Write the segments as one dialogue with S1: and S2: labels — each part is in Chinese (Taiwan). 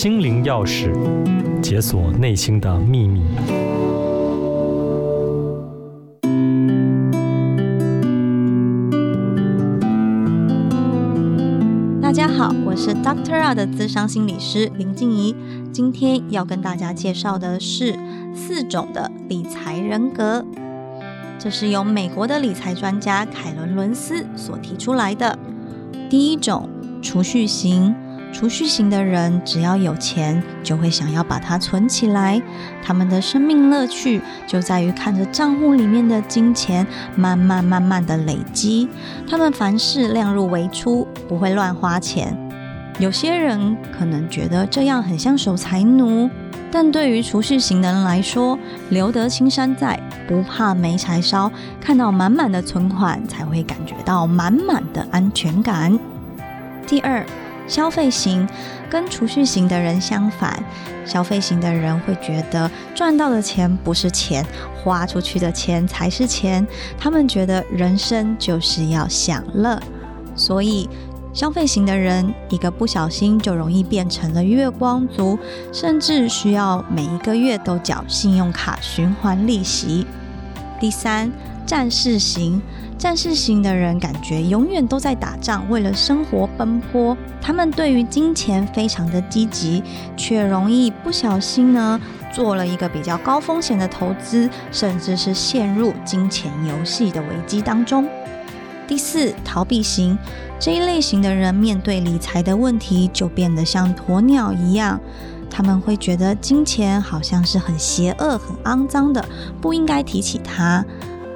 S1: 心靈鑰匙，解鎖內心的秘密。大家好，我是 Doctor R 的資深心理師林靜怡。今天要跟大家介紹的是四種的理財人格，這是由美國的理財專家凱倫·倫斯所提出來的。第一種，儲蓄型。儲蓄型的人，只要有錢就會想要把它存起來。他們的生命樂趣就在於看着賬戶裡面的金錢慢慢慢慢地累積。他們凡事量入為出，不會亂花錢。有些人可能覺得這樣很像守財奴，但對於儲蓄型的人來說，留得青山在，不怕沒柴燒。看到滿滿的存款，才會感覺到滿滿的安全感。第二。消費型跟儲蓄型的人相反，消費型的人會覺得賺到的錢不是錢，花出去的錢才是錢。他們覺得人生就是要享樂，所以消費型的人一個不小心就容易變成了月光族，甚至需要每一個月都繳信用卡循環利息。第三，戰士型。戰士型的人感覺永遠都在打仗，為了生活奔波。他們對於金錢非常的積極，卻容易不小心呢做了一個比較高風險的投資，甚至是陷入金錢遊戲的危機當中。第四，逃避型，這一類型的人面對理財的問題就變得像鴕鳥一樣，他們會覺得金錢好像是很邪惡、很骯髒的，不應該提起它。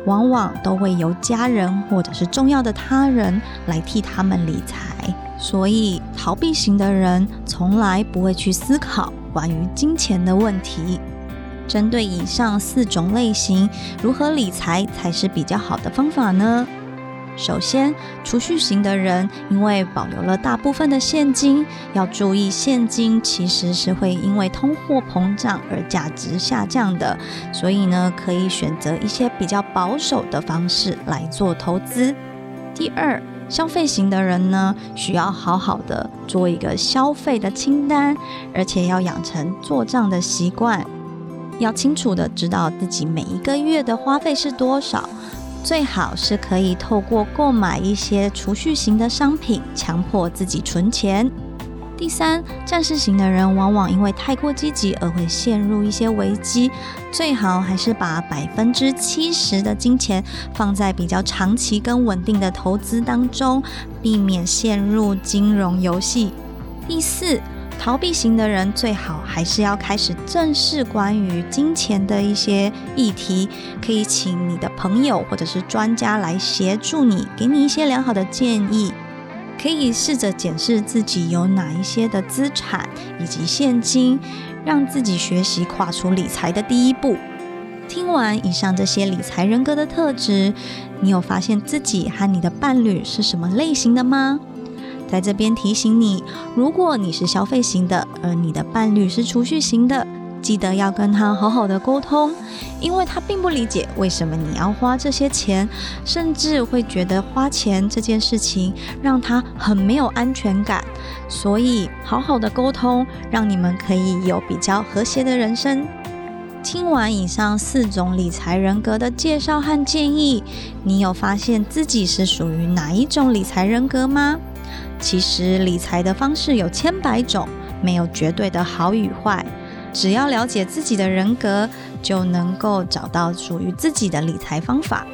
S1: 往往都會由家人或者是重要的他人來替他們理財，所以逃避型的人從來不會去思考關於金錢的問題。針對以上四種類型，如何理財才是比較好的方法呢？首先，儲蓄型的人因為保留了大部分的現金，要注意現金其實是會因為通貨膨脹而價值下降的，所以呢，可以選擇一些比較保守的方式來做投資。第二，消費型的人呢，需要好好的做一個消費的清單，而且要養成做賬的習慣，要清楚的知道自己每一個月的花費是多少。最好是可以透過購買一些儲蓄型的商品，強迫自己存錢。第三，戰士型的人往往因為太過積極而會陷入一些危機，最好還是把百分之七十的金錢放在比較長期跟穩定的投資當中，避免陷入金融遊戲。第四，逃避型的人最好還是要開始正視關於金錢的一些議題，可以請你的朋友或者是專家來協助你，給你一些良好的建議。可以試着檢視自己有哪一些的資產以及現金，讓自己學習跨出理財的第一步。聽完以上這些理財人格的特質，你有發現自己和你的伴侶是什麼類型的嗎？在這邊提醒你，如果你是消費型的，而你的伴侶是儲蓄型的，記得要跟他好好的溝通，因為他並不理解為什麼你要花這些錢，甚至會覺得花錢這件事情讓他很沒有安全感。所以好好的溝通，讓你們可以有比較和諧的人生。聽完以上四種理財人格的介紹和建議，你有發現自己是屬於哪一種理財人格嗎？其實理財的方式有千百種，沒有絕對的好與壞。只要了解自己的人格，就能夠找到屬於自己的理財方法。